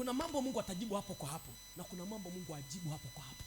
Kuna mambo Mungu atajibu hapo kwa hapo na kuna mambo Mungu ajibu hapo kwa hapo.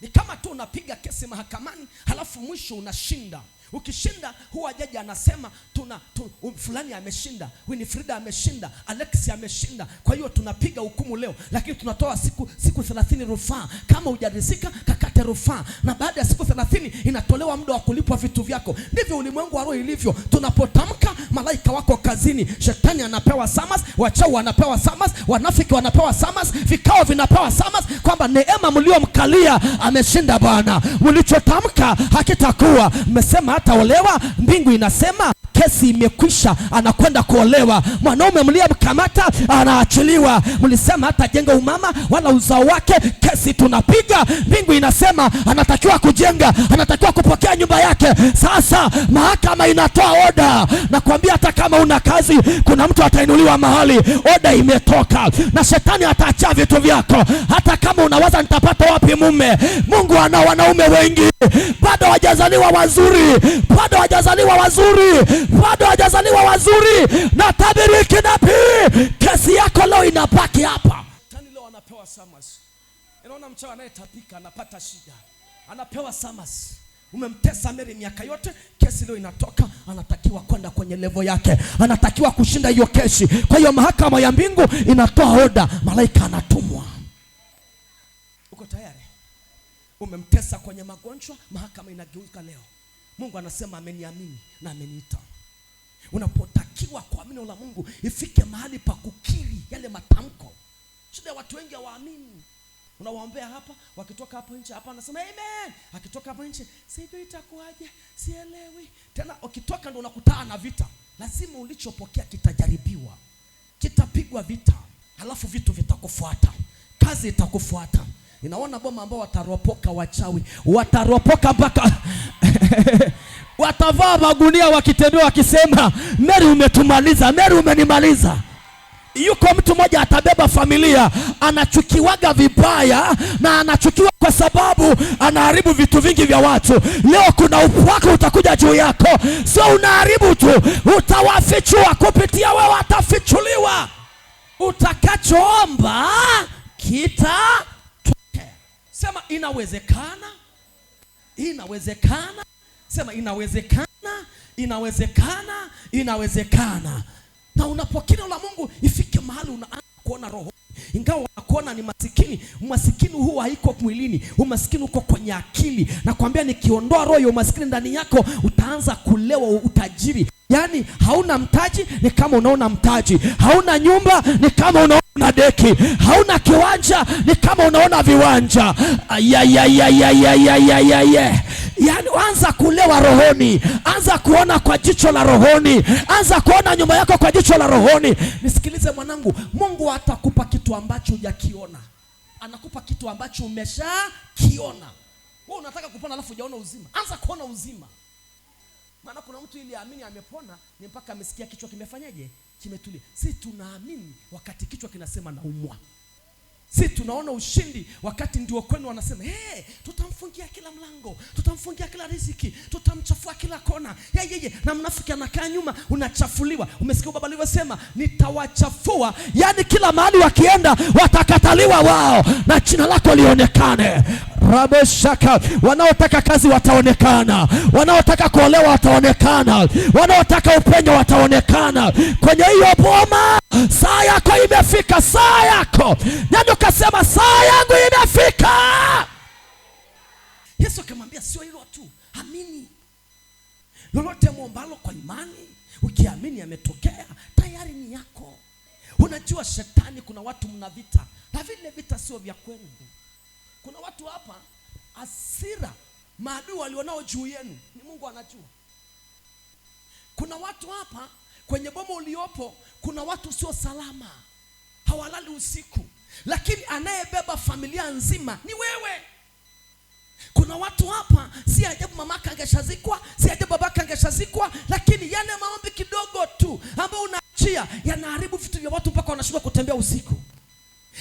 Ni kama tu unapiga kesi mahakamani, halafu mwisho unashinda. Ukishinda huwa jaji anasema tuna tu, um, fulani ameshinda, Winifrida ameshinda, Alex ameshinda. Kwa hiyo tunapiga hukumu leo, lakini tunatoa siku siku 30 rufaa. Kama hujarizika kakate rufaa, na baada ya siku 30 inatolewa muda wa kulipwa vitu vyako. Ndivyo ulimwengu wa roho ilivyo. Tunapotamka malaika wako kazini, shetani anapewa samas, wachawi wanapewa samas, wanafiki wanapewa samas, vikao vinapewa samas, kwamba neema mliomkalia ameshinda Bwana. Ulichotamka hakitakuwa. Mmesema hataolewa, mbingu inasema kesi imekwisha, anakwenda kuolewa. Mwanaume mliyemkamata anaachiliwa. Mlisema hata jenga umama wala uzao wake, kesi tunapiga. Mbingu inasema anatakiwa kujenga, anatakiwa kupokea nyumba yake. Sasa mahakama inatoa oda, nakwambia hata kama una kazi, kuna mtu atainuliwa mahali. Oda imetoka, na shetani ataacha vitu vyako. Hata kama unawaza nitapata wapi mume, Mungu ana wanaume wengi, bado wajazaliwa wazuri, bado wajazaliwa wazuri bado hajazaliwa wazuri, na tabiri wiki nabii, kesi yako leo inabaki hapa. Tani Leo anapewa samas, inaona mchawi anayetapika anapata shida, anapewa samas Umemtesa Mary miaka yote, kesi leo inatoka, anatakiwa kwenda kwenye levo yake, anatakiwa kushinda hiyo kesi. Kwa hiyo mahakama ya mbingu inatoa oda, malaika anatumwa. Uko tayari? Umemtesa kwenye magonjwa, mahakama inageuka leo. Mungu anasema ameniamini na ameniita unapotakiwa kuamini la Mungu, ifike mahali pa kukiri yale matamko. Shida ya watu wengi hawaamini. Unawaombea hapa, wakitoka hapo nje hapa anasema amen, akitoka hapo nje sijui itakuwaje, sielewi tena. Ukitoka ndo unakutana na vita. Lazima ulichopokea kitajaribiwa, kitapigwa vita, halafu vitu vitakufuata, kazi itakufuata. Ninaona boma ambao wataropoka, wachawi wataropoka mpaka watavaa magunia wakitembea wakisema, meri umetumaliza, meri umenimaliza. Yuko mtu mmoja atabeba familia, anachukiwaga vibaya na anachukiwa kwa sababu anaharibu vitu vingi vya watu. Leo kuna upwako utakuja juu yako, sio unaharibu tu, utawafichua kupitia wewe, watafichuliwa. Utakachoomba kitatokea. Sema inawezekana, inawezekana sema inawezekana, inawezekana, inawezekana. Na unapokina la Mungu ifike mahali unaanza kuona roho ingawa unakuona ni masikini. Umasikini huu haiko mwilini, umasikini uko kwenye akili. Nakwambia, nikiondoa roho ya umasikini ndani yako, utaanza kulewa utajiri. Yaani hauna mtaji ni kama unaona mtaji, hauna nyumba ni kama unaona deki, hauna kiwanja ni kama unaona viwanja. Yaani wa rohoni. Anza kuona kwa jicho la rohoni, anza kuona nyuma yako kwa jicho la rohoni. Nisikilize mwanangu, Mungu atakupa kitu ambacho hujakiona, anakupa kitu ambacho umeshakiona. Wewe unataka kupona alafu hujaona uzima, anza kuona uzima. Maana kuna mtu ili aamini amepona ni mpaka amesikia kichwa kimefanyaje, kimetulia. Si tunaamini wakati kichwa kinasema naumwa si tunaona ushindi wakati ndio kwenu wanasema hey, tutamfungia kila mlango, tutamfungia kila riziki, tutamchafua kila kona yeye yeah, yeah, Na mnafiki anakaa nyuma, unachafuliwa. Umesikia baba alivyosema, nitawachafua. yani kila mahali wakienda watakataliwa wao, na jina lako lionekane rabeshaka. Wanaotaka kazi wataonekana, wanaotaka kuolewa wataonekana, wanaotaka upenyo wataonekana kwenye hiyo boma. Saa yako imefika, saa yako Akasema saa yangu imefika. Yesu akamwambia sio hilo tu, amini. Lolote mwombalo kwa imani, ukiamini ametokea tayari, ni yako. Unajua shetani, kuna watu mna vita na vile vita sio vya kwenu. Kuna watu hapa asira maadui walionao juu yenu ni Mungu anajua. Kuna watu hapa kwenye boma uliopo, kuna watu sio salama, hawalali usiku, lakini anayebeba familia nzima ni wewe. Kuna watu hapa, si ajabu mamaka angeshazikwa, si ajabu babaka angeshazikwa, lakini yale maombi kidogo tu ambayo unaachia yanaharibu vitu vya watu mpaka wanashindwa kutembea usiku,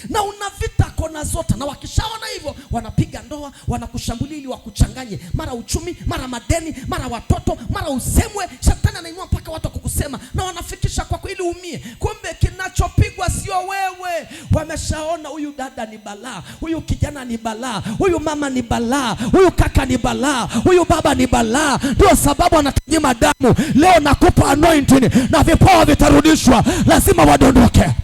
na unavita kona zote, na wakishaona hivyo wanapiga ndoa, wanakushambulia ili wakuchanganye, mara uchumi, mara madeni, mara watoto, mara usemwe. Shetani anainua Wameshaona huyu dada ni balaa, huyu kijana ni balaa, huyu mama ni balaa, huyu kaka ni balaa, huyu baba ni balaa. Ndio sababu anatunyima damu. Leo nakupa anointing na vipawa vitarudishwa, lazima wadondoke.